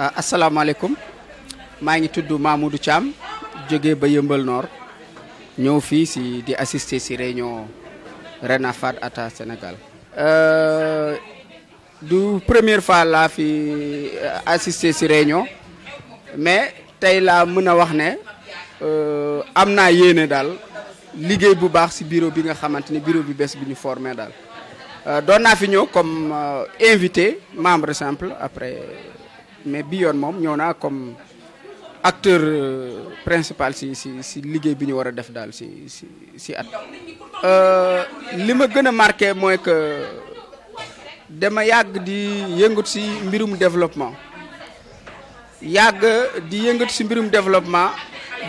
Euh, asalaamaaleykum maa ngi tudd Mamoudou Thiam jóge ba Yëmbal Nord ñëw fii si di assister si réunion RENAFAD ATA Sénégal. Euh, du première fois laa fi euh, assister si réunion mais tey laa mën a wax ne am naa yéene daal liggéey bu baax si bureau bi nga xamante ni bureau bi bees bi ñu formé daal doon naa fi ñëw comme invité membre simple après. mais bi yoon moom ñëw naa comme acteur euh, principal si liggéey bi ñu war a def daal si si si at. Euh, li ma gën a marqué mooy que dama yàgg di yëngut si mbirum développement yàgg di yëngut si mbirum développement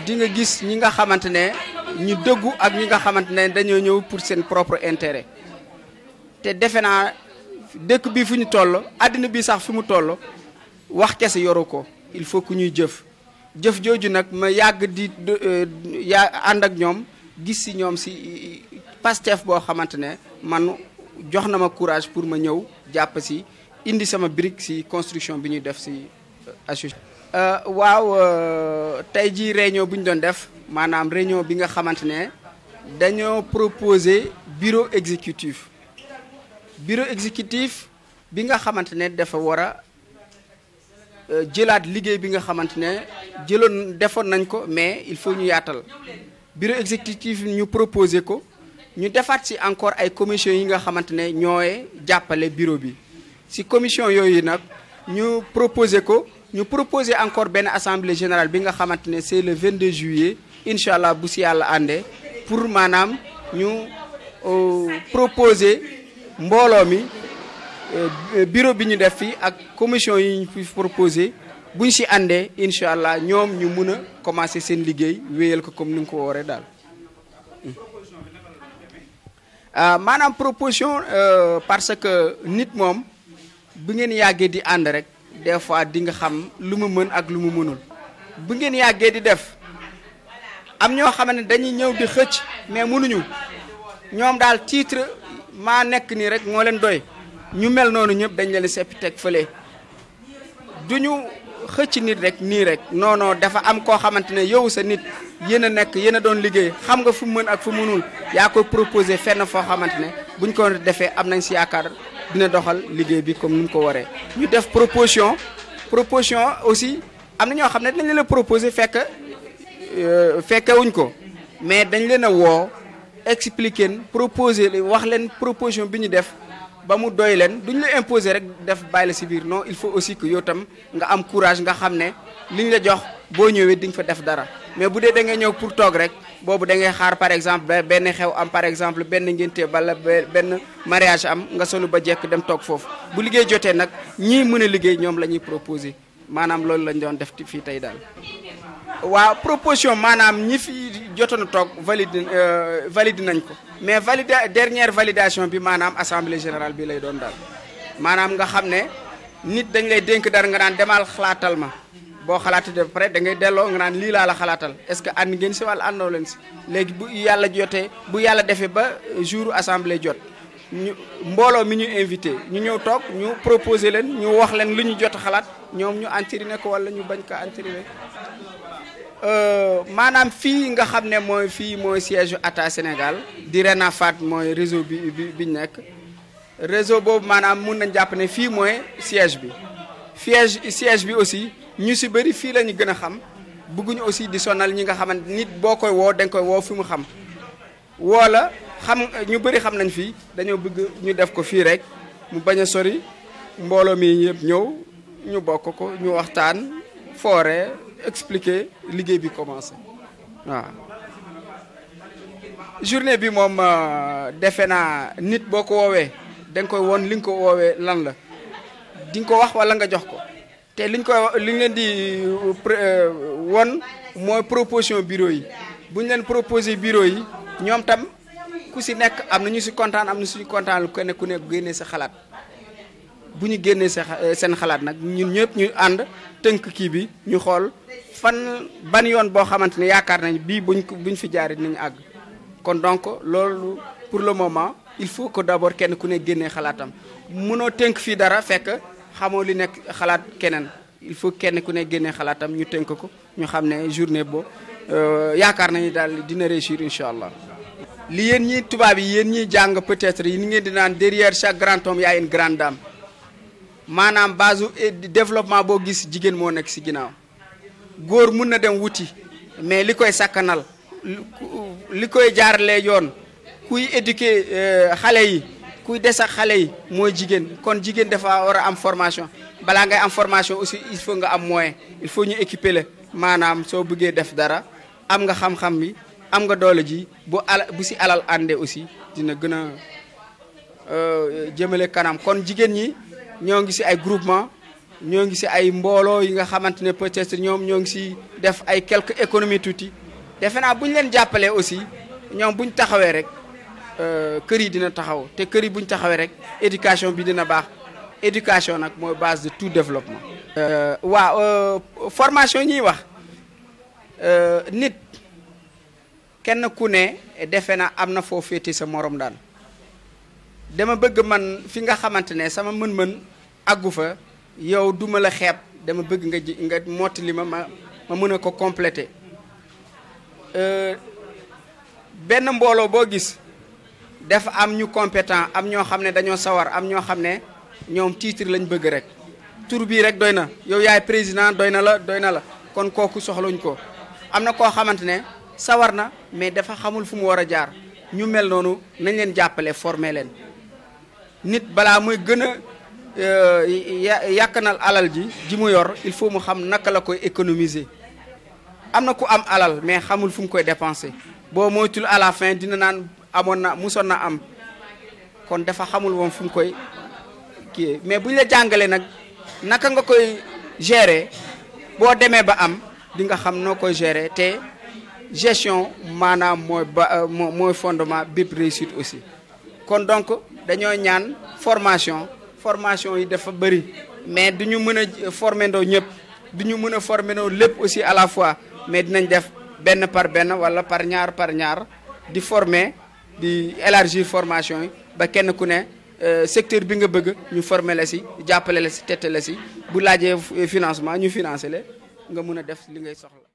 di nga gis ñi nga xamante ne ñu dëggu ak ñi nga xamante ne dañoo ñëw pour seen propre intérêt te defe naa dëkk bi fu ñu toll àddina bi sax fi mu toll. wax kese yoru ko il faut que ñuy jëf jëf jooju nag ma yàgg di euh, yaa ànd ak ñoom gis si ñoom si Pastef boo xamante ne man jox na ma courage pour ma ñëw jàpp si indi sama brique si construction bi ñuy def si association. Euh, euh, waaw tey jii réunion bu ñu doon def maanaam réunion bi nga xamante ne dañoo proposer bureau exécutif bureau exécutif bi nga xamante ne dafa war a. Euh, jëlaat liggéey bi nga xamante ne jëloon defoon nañ ko mais il faut ñu yaatal bureau exécutif ñu proposé ko ñu defaat si encore ay commission yi nga xamante ne ñooy jàppale bureau bi si commission yooyu nag ñu proposé ko ñu proposé encore benn assemblée général bi nga xamante ne c'est le 22 juillet incha allah bu si yàlla ànde pour maanaam ñu euh, proposé mbooloo mi Euh, euh, bureau bi ñu def fii ak commission yi ñu fi proposé bu ñu si àndee incha allah ñoom ñu mun a commencé seen liggéey wéyal ko comme ni nga ko wooree daal. Hmm. Ah, maanaam proposition euh, parce que nit moom bu ngeen yàggee di ànd rek des fois di nga xam lu mu mën ak lu mu mënul bu ngeen yàggee di def am ñoo xam ne dañuy ñëw di xëcc mais mënuñu ñoom daal titre maa nekk nii rek moo leen doy. ñu mel noonu ñëpp dañu leen seppi teg fële du ñu xëcc nit rek nii rek non dafa am koo xamante ne yow sa nit yéen a nekk yéen a doon liggéey xam nga fu mën ak fu mënul yaa ko proposé fenn foo xamante ne buñ ko defee am nañ si yaakaar dina doxal liggéey bi comme ni mu ko waree. ñu def proposition proposition aussi am na ñoo xam ne dinañ la proposé fekk euh, fekkewuñ ko mais dañ leen a woo expliqué proposé wax leen proposition bi ñu def. ba mu doy leen duñ la imposer rek def bàyyi la si biir non il faut aussi que yow tam nga am courage nga xam ne liñ la jox boo ñëwee di nga fa def dara mais bu dee da ngay ñëw pour toog rek boobu da ngay xaar par exemple benn xew am par exemple benn ngénte bala benn mariage am nga solu ba jekk dem toog foofu bu liggéey jotee nag ñii mën a liggéey ñoom la ñuy proposer maanaam loolu lañ doon def fii tey daal. waa proposition maanaam ñi fi jotoon a toog valide euh, valide nañ ko mais valida dernière validation bi maanaam assemblée général bi lay doon daal maanaam nga xam ne nit dañ lay dénk dara nga naan demal xalaatal ma boo xalaatee def pare da ngay delloo nga naan lii laa la xalaatal est-ce que ànd ngeen si walla àndoo leen si léegi bu yàlla jotee bu yàlla defee ba jour assemblée jot ñu mbooloo mi ñu invité ñu ñëw toog ñu proposé leen ñu wax leen lu ñu jot xalaat ñoom ñu entériné ko walla ñu bañ ko entériné Euh, maanaam fii nga xam ne mooy fii mooy siège ATA Sénégal di Renafat mooy réseau bi bi bi nekk réseau boobu maanaam mun nañ jàpp ne fii mooy siège bi siège siège bi aussi ñu si bëri fii la ñu gën a xam bëgguñu aussi di sonal ñi nga xamante nit boo koy woo dañ koy woo fi mu xam wala xam ñu bëri xam nañ fii dañoo bëgg ñu def ko fii rek mu bañ a sori mbooloo mi yëpp ñëw ñu bokk ko ñu waxtaan foore expliquer liggéey bi commencé waaw. journée bi moom euh, defe naa nit boo ko woowee da koy woon li nga ko woowee lan la di ko wax walla nga jox ko te liñ koy li leen di euh, euh, won mooy proposion bureau yi buñ leen proposé bureau yi ñoom tam ku si nekk am na ñu si kontaan am na suñu kontaan ku ne ku nekk génnee si xalaat. bu ñu génnee eh, seen xalaat nag ñun ñëpp ñu ànd tënk kii bi ñu xool fan ban yoon boo xamante ne yaakaar nañ bii buñ ko buñ fi jaaree dinañ àgg kon donc loolu pour le moment il faut que d'abord kenn ku ne génnee xalaatam munoo tënk fii dara fekk xamoo li nekk xalaat keneen il faut kenn ku ne génne xalaatam ñu tënk ko ñu xam ne journée bo euh, yaakaar nañu daal dina réussir incha allah. li yéen ñi tubaab yi yéen ñiy jàng peut-être yi ni ngeen di naan derrière chaque grand homme y a grande dame. maanaam base eh, développement boo gis jigéen moo nekk si ginnaaw góor mun na dem wuti mais li koy sakkanal li koy jaarale yoon kuy éduquer euh, xale yi kuy desax xale yi mooy jigéen kon jigéen dafa war a am formation balaa ngay am formation aussi il faut nga am moyen il faut ñu équiper la maanaam soo bëggee def dara am nga xam-xam bi am nga doole ji bu al bu si alal àndee aussi dina gën a euh, jëmale kanam kon jigéen ñi ñoo ngi si ay groupement ñoo ngi si ay mbooloo yi nga xamante ne peut-être ñoom ñoo ngi si def ay quelques économies tuuti defe naa bu ñu leen jàppalee aussi ñoom bu taxawee rek euh, kër yi dina taxaw te kër yi bu taxawee rek éducation bi dina baax éducation nag mooy base de tout développement. Euh, waaw euh, formation ñuy wax nit kenn ku ne defe naa am na foo féete sa morom daal. dama bëgg man fi nga xamante ne sama mën-mën àggu fa yow duma la xeeb dama bëgg nga ji nga mottali ma ma ma mën a ko compléter euh, benn mbooloo boo gis dafa am ñu compétent am ñoo xam ne dañoo sawar am ñoo xam ne ñoom titre lañ bëgg rek tur bii rek doy na yow yaay président doy na la doy na la kon kooku soxluñ ko am na koo xamante ne sawar na mais dafa xamul fu mu war a jaar ñu mel noonu nañ leen jàppale former leen nit balaa mooy gën a euh, yàkkanal alal ji ji mu yor il faut mu xam naka la koy économiser am na ku am alal mais xamul fu mu koy dépenser boo moytul à la fin dina naan amoon na musoon na am kon dafa xamul woon fu mu koy kii mais bu ñu la jàngalee nag naka nga koy gere boo demee ba am di nga xam noo koy gérer te gestion maanaam mooy ba euh, mooy fondement bépp réussite aussi kon donc dañoo ñaan formation formation yi dafa bëri mais du ñu mën a formendoo ñëpp du ñu mën a formendoo lépp aussi à la fois mais dinañ def benn par benn wala par ñaar par ñaar di former di élargir formation yi ba kenn ku ne euh, secteur bi nga bëgg ñu former la si jàppale la si tette la si bu laajee financement ñu financer la nga mun a def li ngay soxla.